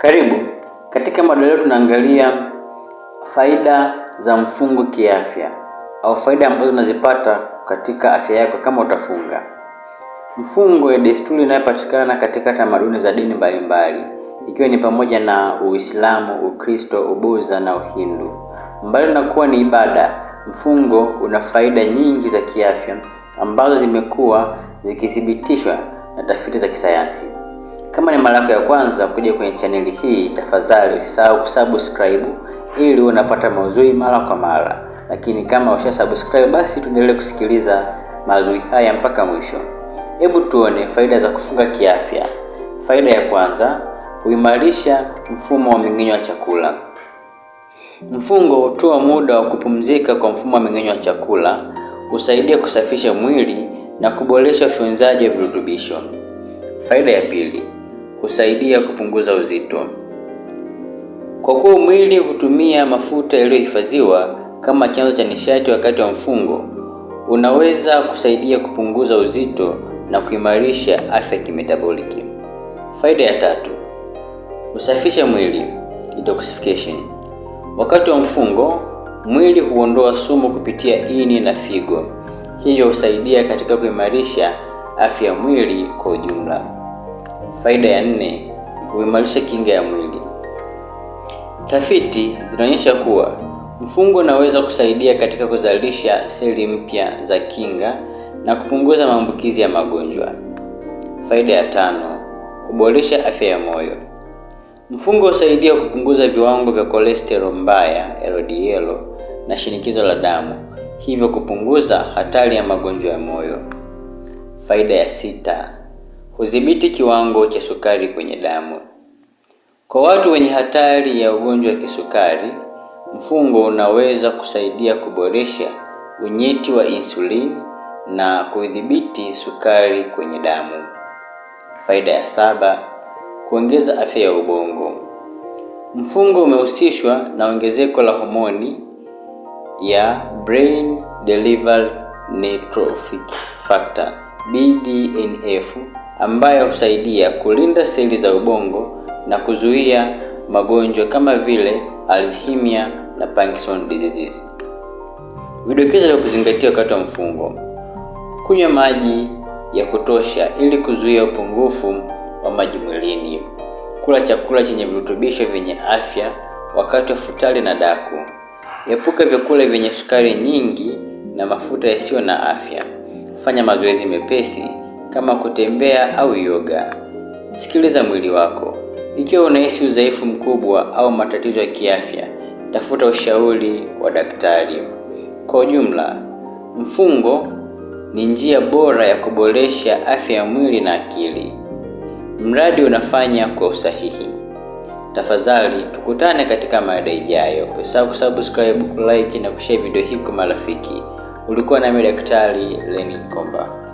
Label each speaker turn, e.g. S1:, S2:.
S1: Karibu. Katika mada leo tunaangalia faida za mfungo kiafya au faida ambazo unazipata katika afya yako kama utafunga. Mfungo ya desturi inayopatikana katika tamaduni za dini mbalimbali ikiwa ni pamoja na Uislamu, Ukristo, ubuza na Uhindu. Mbali na kuwa ni ibada, mfungo una faida nyingi za kiafya ambazo zimekuwa zikithibitishwa na tafiti za kisayansi. Kama ni mara yako ya kwanza kuja kwenye chaneli hii, tafadhali usisahau kusubscribe ili unapata mauzui mara kwa mara. Lakini kama usha subscribe, basi tuendelee kusikiliza maudhui haya mpaka mwisho. Hebu tuone faida za kufunga kiafya. Faida ya kwanza, huimarisha mfumo wa mmeng'enyo wa chakula. Mfungo hutoa muda wa kupumzika kwa mfumo wa mmeng'enyo wa chakula, husaidia kusafisha mwili na kuboresha ufyonzaji wa virutubisho. Faida ya pili husaidia kupunguza uzito. Kwa kuwa mwili hutumia mafuta yaliyohifadhiwa kama chanzo cha nishati wakati wa mfungo, unaweza kusaidia kupunguza uzito na kuimarisha afya kimetaboliki. Faida ya tatu, husafisha mwili detoxification. Wakati wa mfungo, mwili huondoa sumu kupitia ini na figo, hivyo husaidia katika kuimarisha afya ya mwili kwa ujumla. Faida ya nne, huimarisha kinga ya mwili. Tafiti zinaonyesha kuwa mfungo unaweza kusaidia katika kuzalisha seli mpya za kinga na kupunguza maambukizi ya magonjwa. Faida ya tano, kuboresha afya ya moyo. Mfungo husaidia kupunguza viwango vya kolesterol mbaya LDL na shinikizo la damu, hivyo kupunguza hatari ya magonjwa ya moyo. Faida ya sita Kudhibiti kiwango cha sukari kwenye damu. Kwa watu wenye hatari ya ugonjwa wa kisukari, mfungo unaweza kusaidia kuboresha unyeti wa insulini na kudhibiti sukari kwenye damu. Faida ya saba, kuongeza afya ya ubongo. Mfungo umehusishwa na ongezeko la homoni ya brain delivered neurotrophic factor
S2: BDNF
S1: ambayo husaidia kulinda seli za ubongo na kuzuia magonjwa kama vile Alzheimer na Parkinson disease. Vidokezo vya kuzingatia wakati wa mfungo: kunywa maji ya kutosha ili kuzuia upungufu wa maji mwilini, kula chakula chenye virutubisho vyenye afya wakati wa futari na daku, epuka vyakula vyenye sukari nyingi na mafuta yasiyo na afya, fanya mazoezi mepesi kama kutembea au yoga. Sikiliza mwili wako. Ikiwa unahisi udhaifu mkubwa au matatizo ya kiafya, tafuta ushauri wa daktari. Kwa ujumla, mfungo ni njia bora ya kuboresha afya ya mwili na akili, mradi unafanya kwa usahihi. Tafadhali tukutane katika mada ijayo. Usahau kusubscribe, kulike na kushare video hii kwa marafiki. Ulikuwa nami Daktari Lenny Komba.